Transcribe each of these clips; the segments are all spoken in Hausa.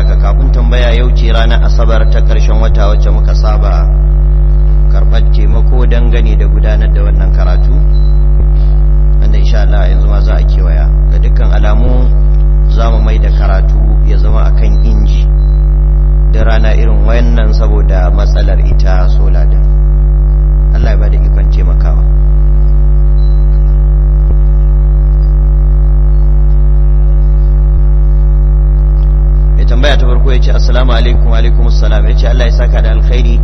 haka kafin tambaya yau ce ranar asabar ta karshen wata wacce muka saba karɓar taimako dangane da gudanar da wannan karatu wanda insha Allah yanzu ma za a kewaya ga dukkan alamu za mu mai da karatu ya zama a kan inji da rana irin wannan saboda matsalar ita sola din ce assalamu alaikum alaikum assalam ce Allah ya saka da alkhairi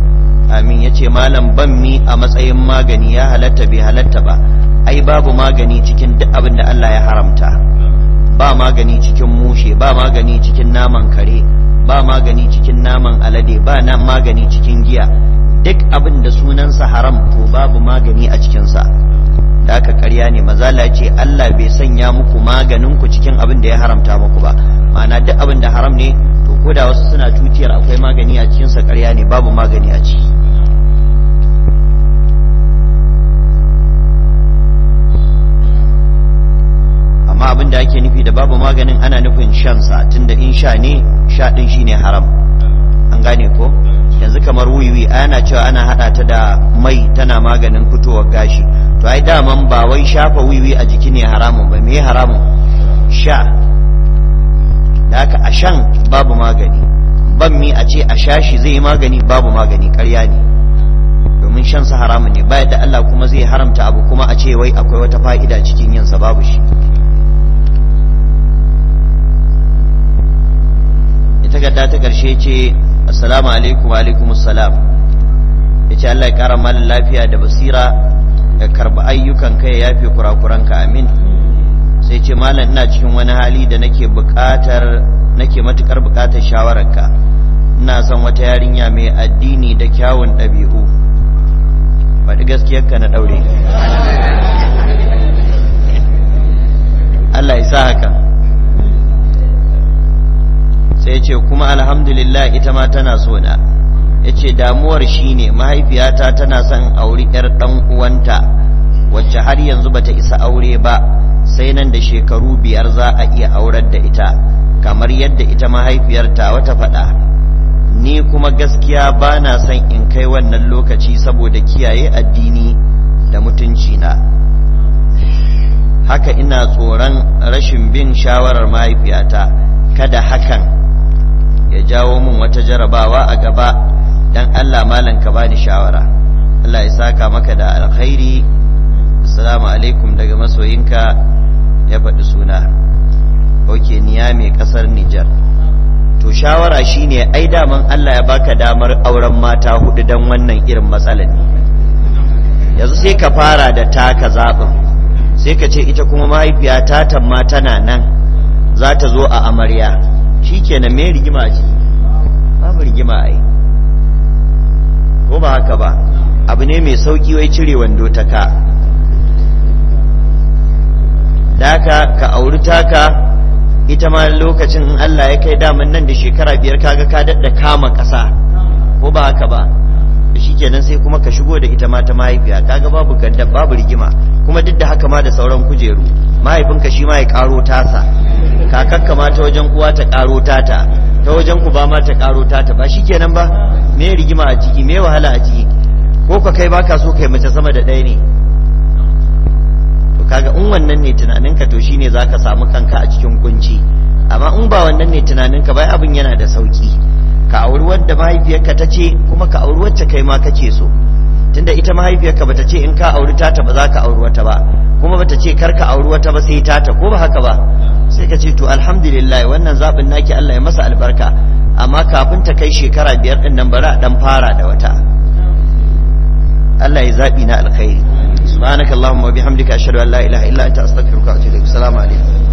amin ya ce malam ban mi a matsayin magani ya halatta bai halatta ba ai babu magani cikin duk abin da Allah ya haramta ba magani cikin mushe ba magani cikin naman kare ba magani cikin naman alade ba na magani cikin giya duk abin da sunansa haram to babu magani a cikinsa da aka karya ne mazala ce Allah bai sanya muku maganin ku cikin abin da ya haramta muku ba ma'ana duk abin da haram ne ko wasu suna tutiyar akwai magani a cikin sa ƙarya ne babu magani a ciki amma abin da ake nufi da babu maganin ana nufin shan sa tunda in sha ne sha din shine haram an gane ko yanzu kamar wiwi ana cewa ana hada ta da mai tana maganin fitowar gashi to ai daman ba wai shafa wiwi a jiki ne haramun ba me haramun sha a shan babu magani ban mi a ce a sha shi zai yi magani babu magani karya ne domin shan sa haramun ne bayan da Allah kuma zai haramta abu kuma a ce wai akwai wata fa'ida cikin yansa babu shi ita gadda ta karshe ce assalamu alaikum wa alaikum assalam ce Allah ya ƙara malin lafiya da basira ya karɓi ayyukan kai ya yafe kurakuranka amin sai ce malam ina cikin wani hali da nake buƙatar nake matukar bukatar shawararka ina son wata yarinya mai addini da kyawun ɗabi'u faɗi ka na daure. Allah ya sa haka sai ya ce kuma alhamdulillah ita ma tana so na ya ce damuwar shine mahaifiyata tana son auri 'yar ɗan uwanta wacce har yanzu bata isa aure ba sai nan da shekaru biyar za a iya aurar da ita kamar yadda ita mahaifiyarta wata faɗa ni kuma gaskiya ba na son in kai wannan lokaci saboda kiyaye addini da mutunci na haka ina tsoron rashin bin shawarar mahaifiyata kada hakan ya jawo min wata jarabawa a gaba don allah malam ka bani shawara allah ya saka maka da alkhairi assalamu alaikum daga masoyinka ya faɗi suna niya me kasar nijar to shawara shine ai daman Allah ya baka damar auren mata hudu dan wannan irin matsalar ne yanzu sai ka fara da taka zaɓin sai ka ce ita kuma mahaifiya ta tamma tana nan za ta zo a amarya shikenan me rigima ce babu rigima ai ko ba haka ba abu ne mai sauki wai cire wando ta ka daka ka auri taka ita ma lokacin Allah ya kai daman nan da shekara biyar kaga ka dadda kama ƙasa ko ba haka ba shikenan sai kuma ka shigo da ita ma ta mahaifiya kaga babu ganda babu rigima kuma duk da haka ma da sauran kujeru mahaifinka shi ma ya karo tasa kakakka ma ta wajen kuwa ta karo tata ta wajen ku ba ma ta karo tata ba shikenan ba me rigima a ciki me wahala a ciki ko ka kai baka so kai mace sama da ɗaya ne kaga in wannan ne tunaninka to shine zaka samu kanka a cikin kunci amma in ba wannan ne tunaninka bai abin yana da sauki ka auri wadda mahaifiyarka ta ce kuma ka auri wacce kai ma kake so tunda ita mahaifiyarka bata ce in ka auri tata ba za ka auri wata ba kuma bata ce kar ka auri wata ba sai tata ko ba haka ba sai ka ce to alhamdulillah wannan zabin naki Allah ya masa albarka amma kafin ta kai shekara biyar din nan bari a dan fara da wata Allah ya zabi na alkhairi subhanakallahumma wa bihamdika ashhadu an la ilaha illa anta astaghfiruka wa atubu ilaik assalamu alaikum